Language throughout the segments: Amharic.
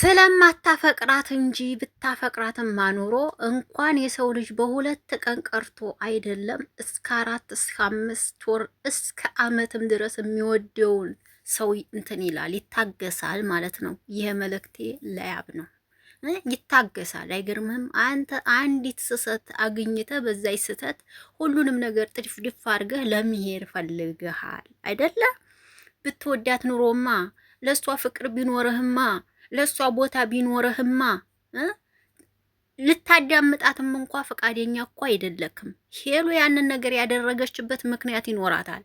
ስለማታፈቅራት እንጂ ብታፈቅራትማ ኑሮ እንኳን የሰው ልጅ በሁለት ቀን ቀርቶ አይደለም እስከ አራት እስከ አምስት ወር እስከ አመትም ድረስ የሚወደውን ሰው እንትን ይላል፣ ይታገሳል ማለት ነው። ይሄ መልእክቴ ለያብ ነው። ይታገሳል። አይገርምም? አንተ አንዲት ስሰት አግኝተ በዛይ ስህተት ሁሉንም ነገር ጥድፍድፍ አድርገህ ለመሄድ ፈልግሃል አይደለ? ብትወዳት ኑሮማ ለእሷ ፍቅር ቢኖርህማ ለእሷ ቦታ ቢኖርህማ ልታዳምጣትም እንኳ ፈቃደኛ እኮ አይደለክም። ሄሎ ያንን ነገር ያደረገችበት ምክንያት ይኖራታል።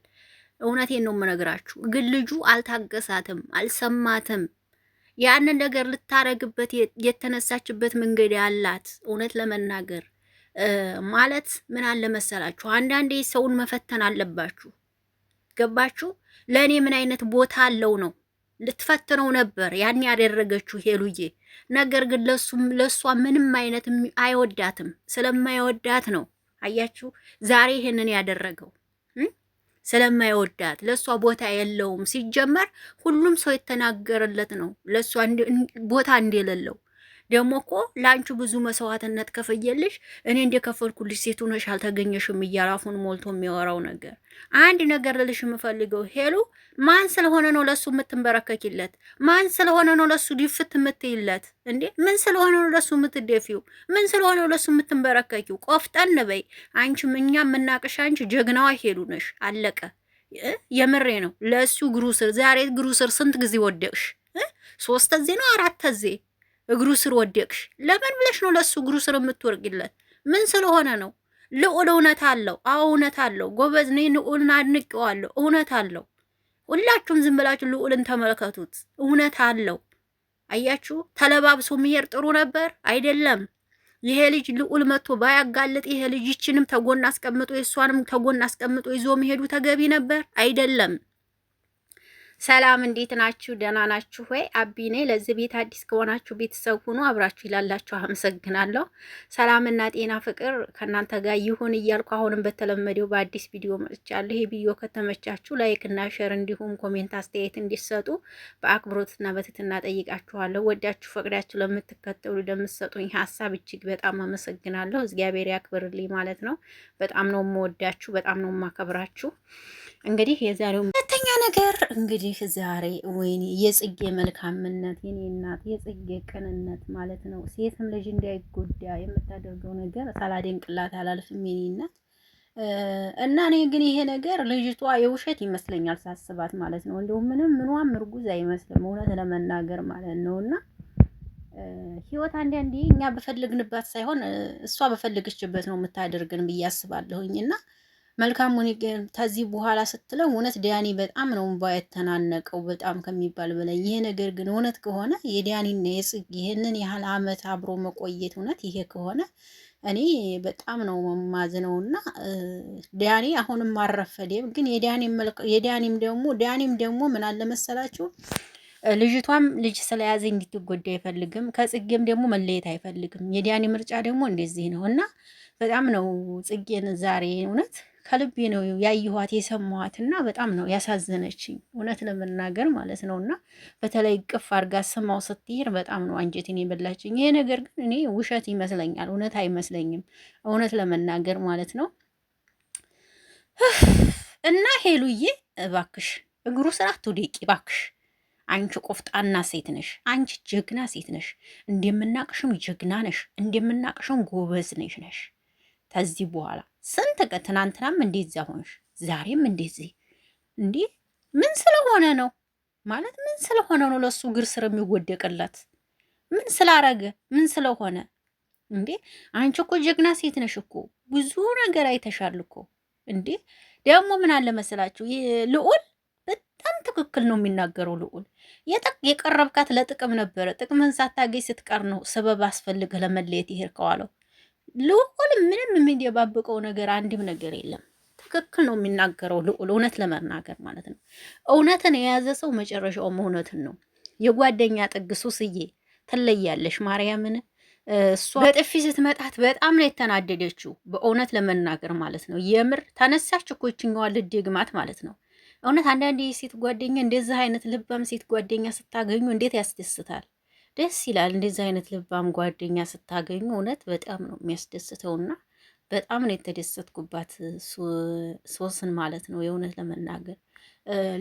እውነቴን ነው የምነግራችሁ። ግን ልጁ አልታገሳትም፣ አልሰማትም። ያንን ነገር ልታረግበት የተነሳችበት መንገድ ያላት እውነት ለመናገር ማለት ምን አለ መሰላችሁ፣ አንዳንዴ ሰውን መፈተን አለባችሁ። ገባችሁ? ለእኔ ምን አይነት ቦታ አለው ነው ልትፈትነው ነበር ያን ያደረገችው ሄሉዬ። ነገር ግን ለሱም ለሷ ምንም አይነት አይወዳትም። ስለማይወዳት ነው አያችሁ ዛሬ ይሄንን ያደረገው ስለማይወዳት ለእሷ ቦታ የለውም። ሲጀመር ሁሉም ሰው የተናገረለት ነው ለእሷ ቦታ እንደሌለው። ደግሞ እኮ ለአንቺ ብዙ መስዋዕትነት ከፈየልሽ እኔ እንደከፈልኩልሽ ሴት ሆነሽ አልተገኘሽም እያለ አፉን ሞልቶ የሚያወራው ነገር። አንድ ነገር ልልሽ የምፈልገው ሄሉ፣ ማን ስለሆነ ነው ለሱ የምትንበረከኪለት? ማን ስለሆነ ነው ለሱ ድፍት የምትይለት? እንዴ ምን ስለሆነ ነው ለሱ የምትደፊው? ምን ስለሆነ ነው ለሱ የምትንበረከኪው? ቆፍጠን በይ አንቺ። እኛ የምናቅሽ አንቺ ጀግናዋ ሄሉ ነሽ። አለቀ። የምሬ ነው። ለሱ ግሩ ስር ዛሬ ግሩ ስር ስንት ጊዜ ወደቅሽ? ሶስት ጊዜ ነው አራት ጊዜ እግሩ ስር ወደቅሽ። ለምን ብለሽ ነው ለሱ እግሩ ስር የምትወርግለት? ምን ስለሆነ ነው? ልዑል እውነት አለው። አዎ እውነት አለው። ጎበዝ እኔ ልዑልን አድንቄዋለሁ። እውነት አለው። ሁላችሁም ዝም ብላችሁ ልዑልን ተመልከቱት። እውነት አለው። አያችሁ፣ ተለባብሶ መሄድ ጥሩ ነበር አይደለም? ይሄ ልጅ ልዑል መጥቶ ባያጋልጥ ይሄ ልጅ ይችንም ተጎን አስቀምጦ የእሷንም ተጎን አስቀምጦ ይዞ መሄዱ ተገቢ ነበር አይደለም? ሰላም እንዴት ናችሁ? ደህና ናችሁ ወይ? አቢ ነኝ። ለዚህ ቤት አዲስ ከሆናችሁ ቤተሰብ ሁኑ። አብራችሁ ይላላችሁ። አመሰግናለሁ። ሰላምና ጤና ፍቅር ከእናንተ ጋር ይሁን እያልኩ አሁንም በተለመደው በአዲስ ቪዲዮ መጥቻለሁ። ይህ ቪዲዮ ከተመቻችሁ ላይክ እና ሸር እንዲሁም ኮሜንት አስተያየት እንዲሰጡ በአክብሮትና በትትና ጠይቃችኋለሁ። ወዳችሁ ፈቅዳችሁ ለምትከተሉ ለምትሰጡኝ ሀሳብ እጅግ በጣም አመሰግናለሁ። እግዚአብሔር ያክብርልኝ ማለት ነው። በጣም ነው የምወዳችሁ፣ በጣም ነው የማከብራችሁ። እንግዲህ የዛሬው ነገር እንግዲህ ዛሬ ወይኔ የጽጌ መልካምነት የኔ እናት የጽጌ ቅንነት ማለት ነው። ሴትም ልጅ እንዳይጎዳ የምታደርገው ነገር ሳላደንቅላት አላልፍም የኔ እናት። እና እኔ ግን ይሄ ነገር ልጅቷ የውሸት ይመስለኛል ሳስባት ማለት ነው። እንዲሁም ምንም ምኗም እርጉዝ አይመስልም እውነት ለመናገር ማለት ነው። እና ህይወት አንዳንዴ እኛ በፈልግንባት ሳይሆን እሷ በፈልግችበት ነው የምታደርግን ብዬ አስባለሁኝ እና መልካም መልካሙን ከዚህ በኋላ ስትለው እውነት ዲያኒ በጣም ነው እንባ የተናነቀው በጣም ከሚባል በላይ። ይሄ ነገር ግን እውነት ከሆነ የዲያኒና የጽጌ ይህንን ያህል አመት አብሮ መቆየት እውነት ይሄ ከሆነ እኔ በጣም ነው መማዝነው እና ዲያኒ አሁንም አረፈደም። ግን የዲያኒም ደግሞ ዲያኒም ደግሞ ምን አለ መሰላችሁ ልጅቷም ልጅ ስለያዘ እንድትጎዳ አይፈልግም። ከጽጌም ደግሞ መለየት አይፈልግም። የዲያኒ ምርጫ ደግሞ እንደዚህ ነው እና በጣም ነው ጽጌን ዛሬ እውነት ከልቤ ነው ያየኋት የሰማኋት እና በጣም ነው ያሳዘነችኝ እውነት ለመናገር ማለት ነው። እና በተለይ ቅፍ አድርጋ ስማው ስትሄድ በጣም ነው አንጀቴን የበላችኝ። ይሄ ነገር ግን እኔ ውሸት ይመስለኛል፣ እውነት አይመስለኝም፣ እውነት ለመናገር ማለት ነው። እና ሄሉዬ እባክሽ እግሩ ስራ ትውደቂ እባክሽ። አንቺ ቆፍጣና ሴት ነሽ። አንቺ ጀግና ሴት ነሽ። እንደምናቅሽም ጀግና ነሽ፣ እንደምናቅሽም ጎበዝ ነሽ ነሽ ከዚህ በኋላ ስንት ቀን ትናንትናም እንደዚያ ሆንሽ፣ ዛሬም እንደዚህ እንዲህ ምን ስለሆነ ነው ማለት ምን ስለሆነ ነው ለሱ እግር ስር የሚወደቅለት? ምን ስላረገ? ምን ስለሆነ እንዴ? አንቺ እኮ ጀግና ሴት ነሽ እኮ ብዙ ነገር አይተሻል እኮ እንዴ። ደግሞ ምን አለ መሰላችሁ ልዑል በጣም ትክክል ነው የሚናገረው ልዑል። የቀረብካት ለጥቅም ነበረ። ጥቅምን ሳታገኝ ስትቀር ነው ሰበብ አስፈልግህ ለመለየት ይሄድ ከዋለው ልዑል ምንም የሚደባብቀው ነገር አንድም ነገር የለም። ትክክል ነው የሚናገረው ልዑል፣ እውነት ለመናገር ማለት ነው። እውነትን የያዘ ሰው መጨረሻውም እውነትን ነው። የጓደኛ ጥግ ሱስዬ ትለያለሽ ማርያምን እሷ በጥፊ ስትመጣት በጣም ነው የተናደደችው፣ በእውነት ለመናገር ማለት ነው። የምር ተነሳች እኮ ይችኛዋ ልደግማት ማለት ነው። እውነት አንዳንድ የሴት ጓደኛ እንደዚህ አይነት ልባም ሴት ጓደኛ ስታገኙ እንዴት ያስደስታል። ደስ ይላል። እንደዚህ አይነት ልባም ጓደኛ ስታገኙ እውነት በጣም ነው የሚያስደስተውና በጣም ነው የተደሰትኩባት ሶስን ማለት ነው። የእውነት ለመናገር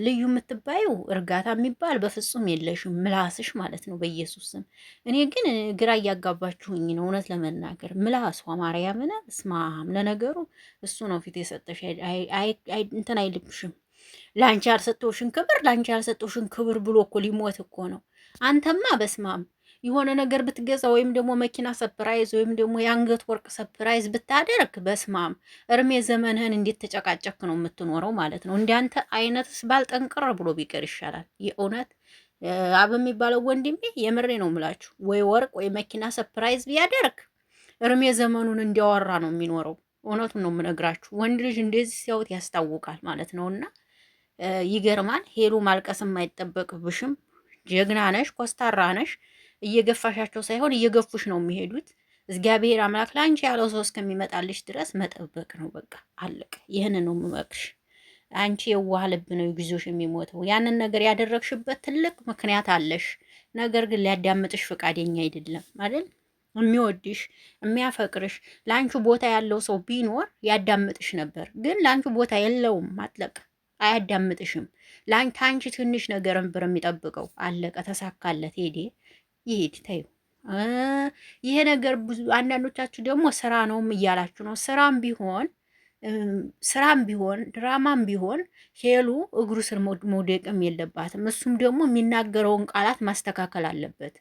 ልዩ የምትባዩ እርጋታ የሚባል በፍጹም የለሽም፣ ምላስሽ ማለት ነው። በኢየሱስም። እኔ ግን ግራ እያጋባችሁኝ ነው። እውነት ለመናገር ምላሷ ማርያምን እስማም። ለነገሩ እሱ ነው ፊት የሰጠሽ እንትን አይልብሽም። ለአንቺ ያልሰጠውሽን ክብር ለአንቺ ያልሰጠውሽን ክብር ብሎ እኮ ሊሞት እኮ ነው አንተማ በስማም የሆነ ነገር ብትገዛ ወይም ደግሞ መኪና ሰፕራይዝ ወይም ደግሞ የአንገት ወርቅ ሰፕራይዝ ብታደርግ በስማም እርሜ ዘመንህን እንዴት ተጨቃጨክ ነው የምትኖረው ማለት ነው። እንዳንተ አይነትስ ባል ጠንቅር ብሎ ቢቀር ይሻላል። የእውነት አብ የሚባለው ወንድሜ የምሬ ነው ምላችሁ፣ ወይ ወርቅ ወይ መኪና ሰፕራይዝ ቢያደርግ እርሜ ዘመኑን እንዲያወራ ነው የሚኖረው። እውነቱን ነው የምነግራችሁ። ወንድ ልጅ እንደዚህ ሲያዩት ያስታውቃል ማለት ነውና ይገርማል። ሄሉ ማልቀስ አይጠበቅብሽም። ጀግና ነሽ፣ ኮስታራ ነሽ። እየገፋሻቸው ሳይሆን እየገፉሽ ነው የሚሄዱት። እግዚአብሔር አምላክ ለአንቺ ያለው ሰው እስከሚመጣልሽ ድረስ መጠበቅ ነው። በቃ አለቀ። ይህን ነው የምመክርሽ። አንቺ የዋህ ልብ ነው ጊዜሽ የሚሞተው። ያንን ነገር ያደረግሽበት ትልቅ ምክንያት አለሽ። ነገር ግን ሊያዳምጥሽ ፈቃደኛ አይደለም አይደል? የሚወድሽ የሚያፈቅርሽ ለአንቺ ቦታ ያለው ሰው ቢኖር ያዳምጥሽ ነበር። ግን ለአንቺ ቦታ የለውም። አለቀ። አያዳምጥሽም። ከአንቺ ትንሽ ነገር ብር የሚጠብቀው አለቀ። ተሳካለት። ሄዴ ይሄድ ተይው። ይሄ ነገር ብዙ አንዳንዶቻችሁ ደግሞ ስራ ነውም እያላችሁ ነው። ስራም ቢሆን ስራም ቢሆን ድራማም ቢሆን ሄሉ እግሩ ስር መውደቅም የለባትም። እሱም ደግሞ የሚናገረውን ቃላት ማስተካከል አለበት።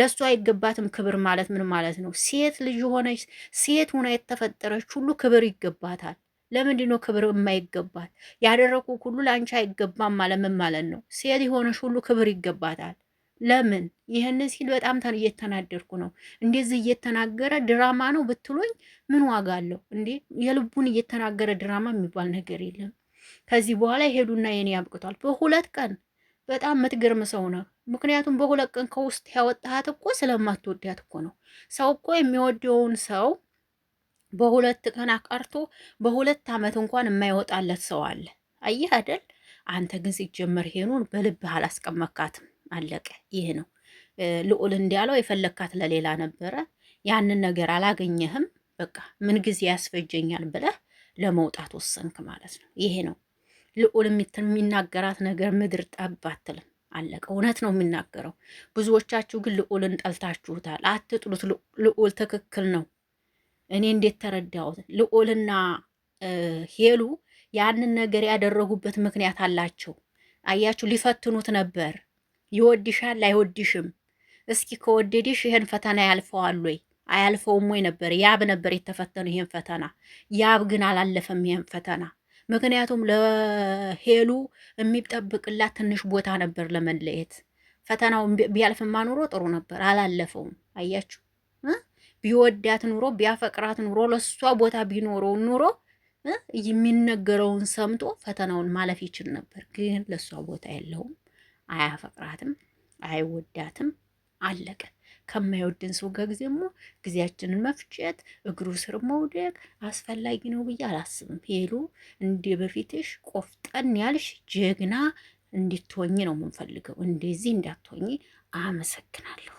ለእሱ አይገባትም። ክብር ማለት ምን ማለት ነው? ሴት ልጅ ሆነች ሴት ሆና የተፈጠረች ሁሉ ክብር ይገባታል። ለምንድን ነው ክብር የማይገባት? ያደረኩ ሁሉ ለአንቺ አይገባም ማለምን ማለት ነው። ሴት የሆነሽ ሁሉ ክብር ይገባታል። ለምን ይህን ሲል በጣም እየተናደርኩ ነው። እንደዚህ እየተናገረ ድራማ ነው ብትሉኝ ምን ዋጋ አለው እንዴ? የልቡን እየተናገረ ድራማ የሚባል ነገር የለም። ከዚህ በኋላ ሄዱና የኔ ያብቅቷል። በሁለት ቀን በጣም የምትገርም ሰው ነው። ምክንያቱም በሁለት ቀን ከውስጥ ያወጣሃት እኮ ስለማትወዳት እኮ ነው። ሰው እኮ የሚወደውን ሰው በሁለት ቀን አቃርቶ በሁለት ዓመት እንኳን የማይወጣለት ሰው አለ። አየህ አይደል? አንተ ግን ሲጀመር ሄኑን በልብህ አላስቀመካትም። አለቀ። ይህ ነው ልዑል እንዲያለው የፈለግካት ለሌላ ነበረ። ያንን ነገር አላገኘህም። በቃ ምን ጊዜ ያስፈጀኛል ብለህ ለመውጣት ወሰንክ ማለት ነው። ይሄ ነው ልዑል የሚናገራት ነገር ምድር ጠብ አትልም። አለቀ። እውነት ነው የሚናገረው። ብዙዎቻችሁ ግን ልዑልን ጠልታችሁታል። አትጥሉት። ልዑል ትክክል ነው። እኔ እንዴት ተረዳሁት? ልዑልና ሄሉ ያንን ነገር ያደረጉበት ምክንያት አላቸው። አያችሁ፣ ሊፈትኑት ነበር። ይወድሻል አይወድሽም፣ እስኪ ከወደድሽ ይሄን ፈተና ያልፈዋል ወይ አያልፈውም ወይ ነበር። ያብ ነበር የተፈተኑ ይሄን ፈተና። ያብ ግን አላለፈም ይሄን ፈተና። ምክንያቱም ለሄሉ የሚጠብቅላት ትንሽ ቦታ ነበር ለመለየት። ፈተናው ቢያልፍማ ማኖሮ ጥሩ ነበር። አላለፈውም። አያችሁ ቢወዳት ኑሮ ቢያፈቅራት ኑሮ ለሷ ቦታ ቢኖረው ኑሮ የሚነገረውን ሰምቶ ፈተናውን ማለፍ ይችል ነበር። ግን ለሷ ቦታ የለውም፣ አያፈቅራትም፣ አይወዳትም። አለቀ። ከማይወድን ሰው ጋር ጊዜሞ ጊዜያችንን መፍጨት፣ እግሩ ስር መውደቅ አስፈላጊ ነው ብዬ አላስብም። ሄሉ እንደ በፊትሽ ቆፍጠን ያልሽ ጀግና እንድትሆኝ ነው የምንፈልገው። እንደዚህ እንዳትሆኝ። አመሰግናለሁ።